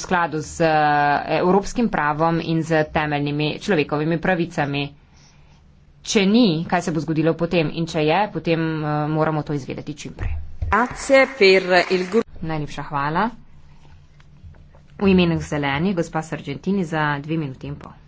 skladu z eh, evropskim pravom in z temeljnimi človekovimi pravicami. Če ni, kaj se bo zgodilo potem in če je, potem eh, moramo to izvedeti čimprej. Najlepša hvala. V imenu zelenih, gospa Sargentini, za dve minuti in pol.